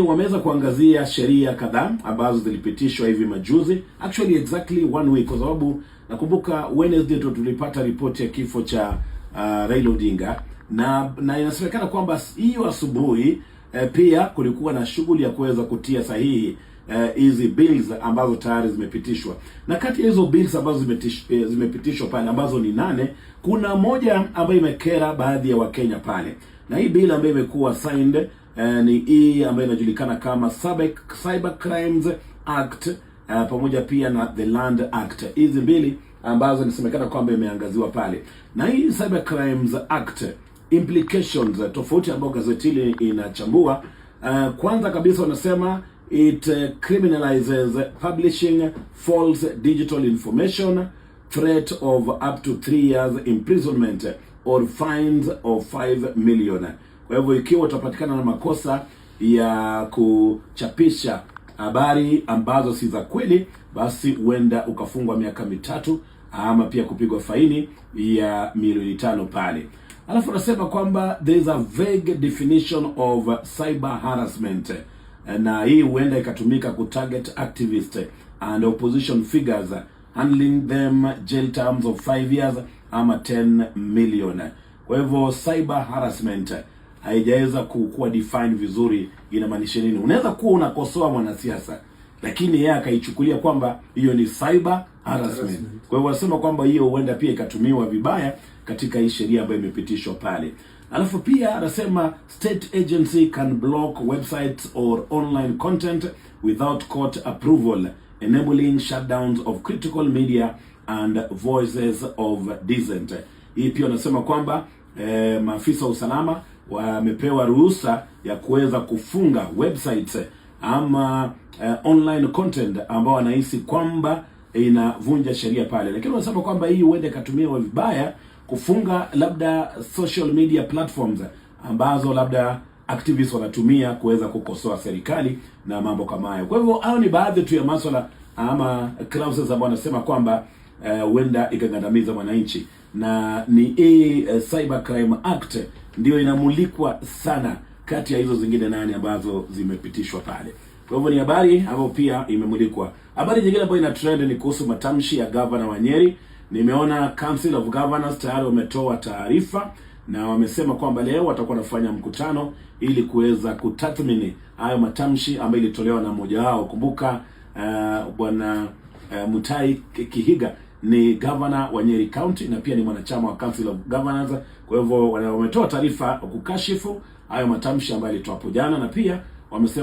Wameweza kuangazia sheria kadhaa ambazo zilipitishwa hivi majuzi, actually exactly one week, kwa sababu nakumbuka Wednesday ndo tulipata ripoti ya kifo cha uh, Raila Odinga na na inasemekana kwamba hiyo asubuhi eh, pia kulikuwa na shughuli ya kuweza kutia sahihi eh, hizi eh, bills ambazo tayari zimepitishwa, na kati ya hizo bills ambazo zimetish, eh, zimepitishwa pale ambazo ni nane, kuna moja ambayo imekera baadhi ya Wakenya pale na hii bill ambayo imekuwa signed eh, ni hii e ambayo inajulikana kama Cyber Crimes Act eh, pamoja pia na the Land Act. Hizi mbili ambazo inasemekana kwamba imeangaziwa pale, na hii Cyber Crimes Act implications tofauti ambayo gazeti hili inachambua. Uh, kwanza kabisa wanasema it criminalizes publishing false digital information threat of up to three years imprisonment or fines of 5 million. Kwa hivyo ikiwa utapatikana na makosa ya kuchapisha habari ambazo si za kweli, basi huenda ukafungwa miaka mitatu ama pia kupigwa faini ya milioni tano pale. Alafu anasema kwamba there is a vague definition of cyber harassment, na hii huenda ikatumika kutarget activist and opposition figures handling them jail terms of 5 years ama 10 million. Kwa hivyo cyber harassment haijaweza kuwa define vizuri, inamaanisha nini? Unaweza kuwa unakosoa mwanasiasa lakini yeye akaichukulia kwamba hiyo ni cyber harassment. Kwa hivyo wanasema kwamba hiyo huenda pia ikatumiwa vibaya katika hii sheria ambayo imepitishwa pale. Alafu pia anasema state agency can block websites or online content without court approval enabling shutdowns of critical media and voices of dissent. Hii pia wanasema kwamba eh, maafisa wa usalama wamepewa ruhusa ya kuweza kufunga websites ama eh, online content ambao wanahisi kwamba inavunja sheria pale, lakini wanasema kwamba hii huenda ikatumiwa vibaya kufunga labda social media platforms ambazo labda activists wanatumia kuweza kukosoa serikali na mambo kama hayo. Kwa hivyo hayo ni baadhi tu ya masuala ama clauses ambayo wanasema kwamba eh, huenda uh, ikagandamiza mwananchi na ni hii uh, Cyber Crime Act ndio inamulikwa sana kati ya hizo zingine nane ambazo zimepitishwa pale. Kwa hivyo ni habari ambayo pia imemulikwa. Habari nyingine ambayo ina trend ni kuhusu matamshi ya governor wa Nyeri. Nimeona Council of Governors tayari wametoa taarifa na wamesema kwamba leo watakuwa wanafanya mkutano ili kuweza kutathmini hayo matamshi ambayo ilitolewa na mmoja wao. Kumbuka uh, bwana uh, Mutai Kihiga ni gavana wa Nyeri County na pia ni mwanachama wa Council of Governors. Kwa hivyo wametoa taarifa kukashifu hayo matamshi ambayo alitoa hapo jana, na pia wamesema